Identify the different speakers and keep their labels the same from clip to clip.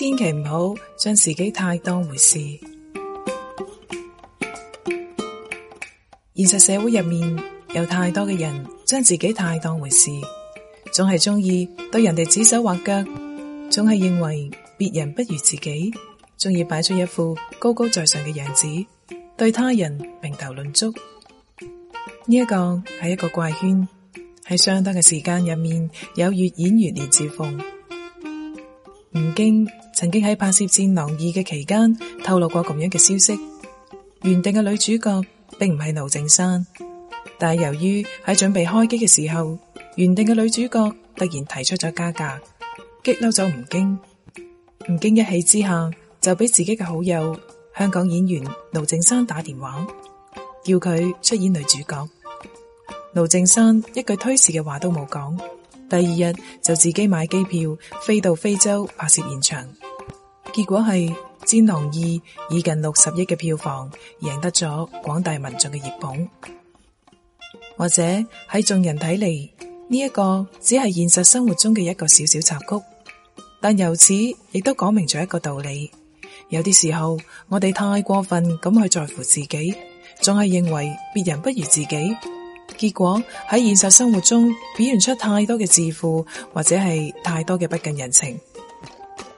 Speaker 1: 千祈唔好將自己太當回事。現實社會入面有太多嘅人將自己太當回事，總係中意對人哋指手畫腳，總係認為別人不如自己，中意擺出一副高高在上嘅樣子，對他人評頭論足。呢一個係一個怪圈，喺相當嘅時間入面有越演越烈之風。吳京曾經喺拍攝《戰狼二》嘅期間透露過咁樣嘅消息，原定嘅女主角並唔係盧靖山，但係由於喺準備開機嘅時候，原定嘅女主角突然提出咗加價，激嬲咗吳京。吳京一氣之下就俾自己嘅好友香港演員盧靖山打電話，叫佢出演女主角。盧靖山一句推辭嘅話都冇講。第二日就自己買機票飛到非洲拍攝現場，結果係《戰狼二》以近六十億嘅票房贏得咗廣大民眾嘅熱捧。或者喺眾人睇嚟呢一個只係現實生活中嘅一個小小插曲，但由此亦都講明咗一個道理：有啲時候我哋太過分咁去在乎自己，仲係認為別人不如自己。結果喺現實生活中表現出太多嘅自負，或者係太多嘅不近人情，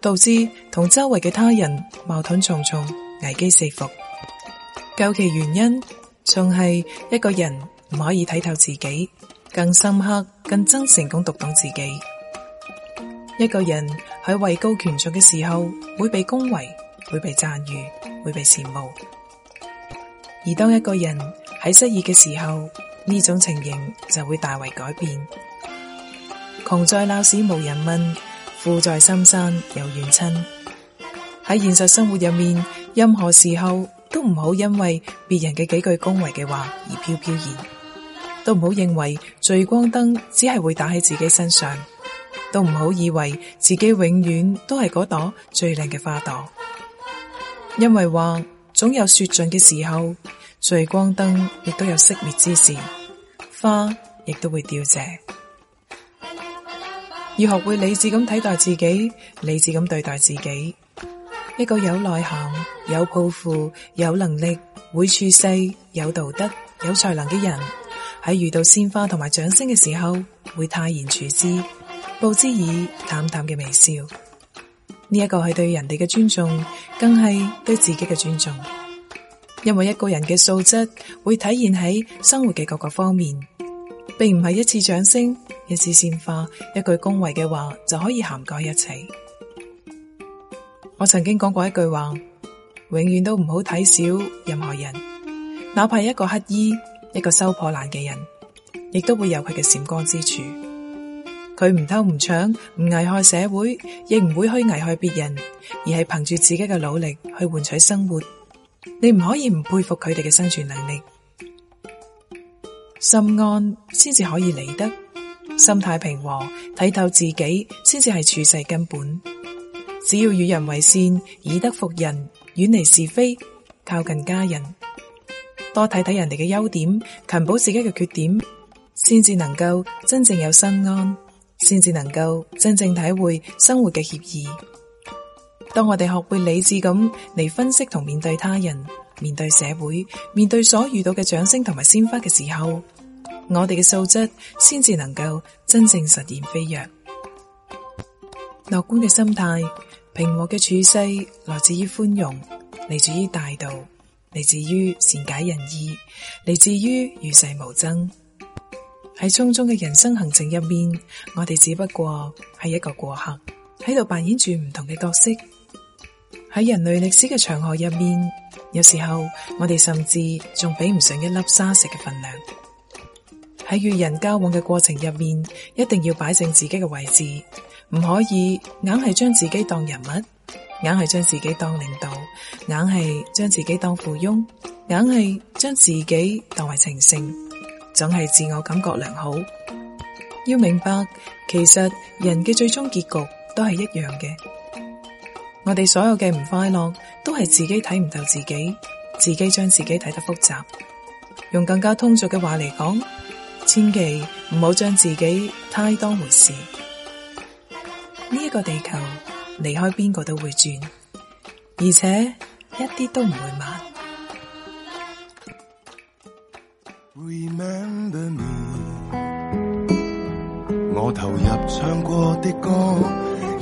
Speaker 1: 導致同周圍嘅他人矛盾重重、危機四伏。究其原因，仲係一個人唔可以睇透自己，更深刻、更真誠咁讀懂自己。一個人喺位高權重嘅時候，會被恭維，會被贊譽，會被羨慕；而當一個人喺失意嘅時候，呢種情形就會大為改變。窮在鬧市無人問，富在深山有遠親。喺現實生活入面，任何時候都唔好因為別人嘅幾句恭維嘅話而飄飄然，都唔好認為聚光燈只係會打喺自己身上，都唔好以為自己永遠都係嗰朵最靚嘅花朵，因為話總有說盡嘅時候。聚光燈亦都有熄滅之時，花亦都會凋謝。要學會理智咁睇待自己，理智咁對待自己。一個有內涵、有抱負、有能力、會處世、有道德、有才能嘅人，喺遇到鮮花同埋掌聲嘅時候，會泰然處之，報之以淡淡嘅微笑。呢一個係對人哋嘅尊重，更係對自己嘅尊重。因為一個人嘅素質會體現喺生活嘅各個方面，並唔係一次掌聲、一次鮮花、一句恭維嘅話就可以涵蓋一切。我曾經講過一句話，永遠都唔好睇小任何人，哪怕一個乞衣、一個收破爛嘅人，亦都會有佢嘅閃光之處。佢唔偷唔搶，唔危害社會，亦唔會去危害別人，而係憑住自己嘅努力去換取生活。你唔可以唔佩服佢哋嘅生存能力，心安先至可以理得，心態平和，睇透自己先至係處世根本。只要與人為善，以德服人，遠離是非，靠近家人，多睇睇人哋嘅優點，勤補自己嘅缺點，先至能夠真正有心安，先至能夠真正體會生活嘅愜意。當我哋學會理智咁嚟分析同面對他人、面對社會、面對所遇到嘅掌聲同埋鮮花嘅時候，我哋嘅素質先至能夠真正實現飛躍。樂觀嘅心態、平和嘅處世，來自於寬容，嚟自於大度，嚟自於善解人意，嚟自於與世無爭。喺匆匆嘅人生行程入面，我哋只不過係一個過客，喺度扮演住唔同嘅角色。喺人類歷史嘅長河入面，有時候我哋甚至仲比唔上一粒沙石嘅份量。喺與人交往嘅過程入面，一定要擺正自己嘅位置，唔可以硬係將自己當人物，硬係將自己當領導，硬係將自己當富翁，硬係將自己當為情聖，總係自我感覺良好。要明白，其實人嘅最終結局都係一樣嘅。我哋所有嘅唔快樂，都係自己睇唔透自己，自己將自己睇得複雜。用更加通俗嘅話嚟講，千祈唔好將自己太當回事。呢一個地球離開邊個都會轉，而且一啲都唔會慢。
Speaker 2: Remember me, 我投入唱過的歌。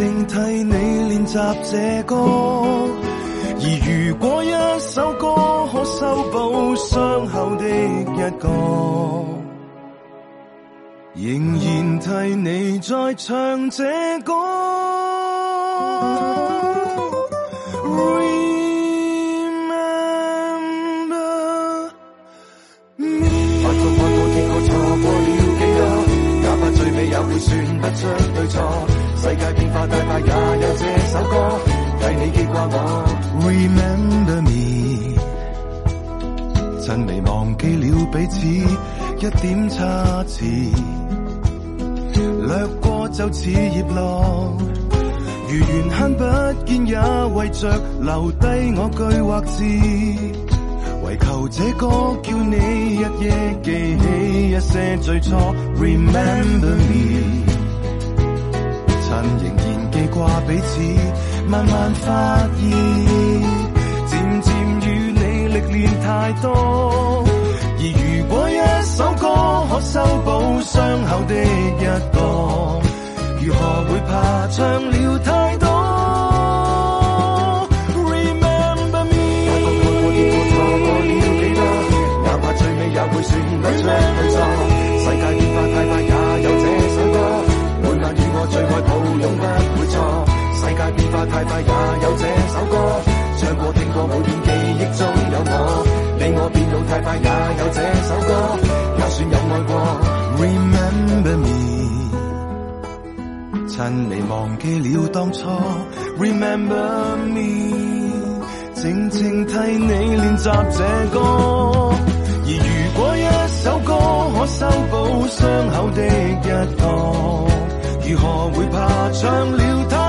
Speaker 2: 靜替你練習這歌，而如果一首歌可修補傷口的一個，仍然替你再唱這歌。世界變化太快，也有這首歌替你記掛我。Remember me，真未忘記了彼此一點差池，掠過就似葉落，如緣慳不見，也為着留低我句話字，唯求這歌叫你日日記起一些最初。Remember me。彼此慢慢發現，漸漸與你歷練太多。而如果一首歌可修補傷口的一個，如何會怕唱了太多？這首歌唱過聽過，每段記憶中有我。你我變老太快，也有這首歌。也算有愛過。Remember me，趁你忘記了當初。Remember me，靜靜替你練習這歌。而如果一首歌可修補傷口的一角，如何會怕唱了它？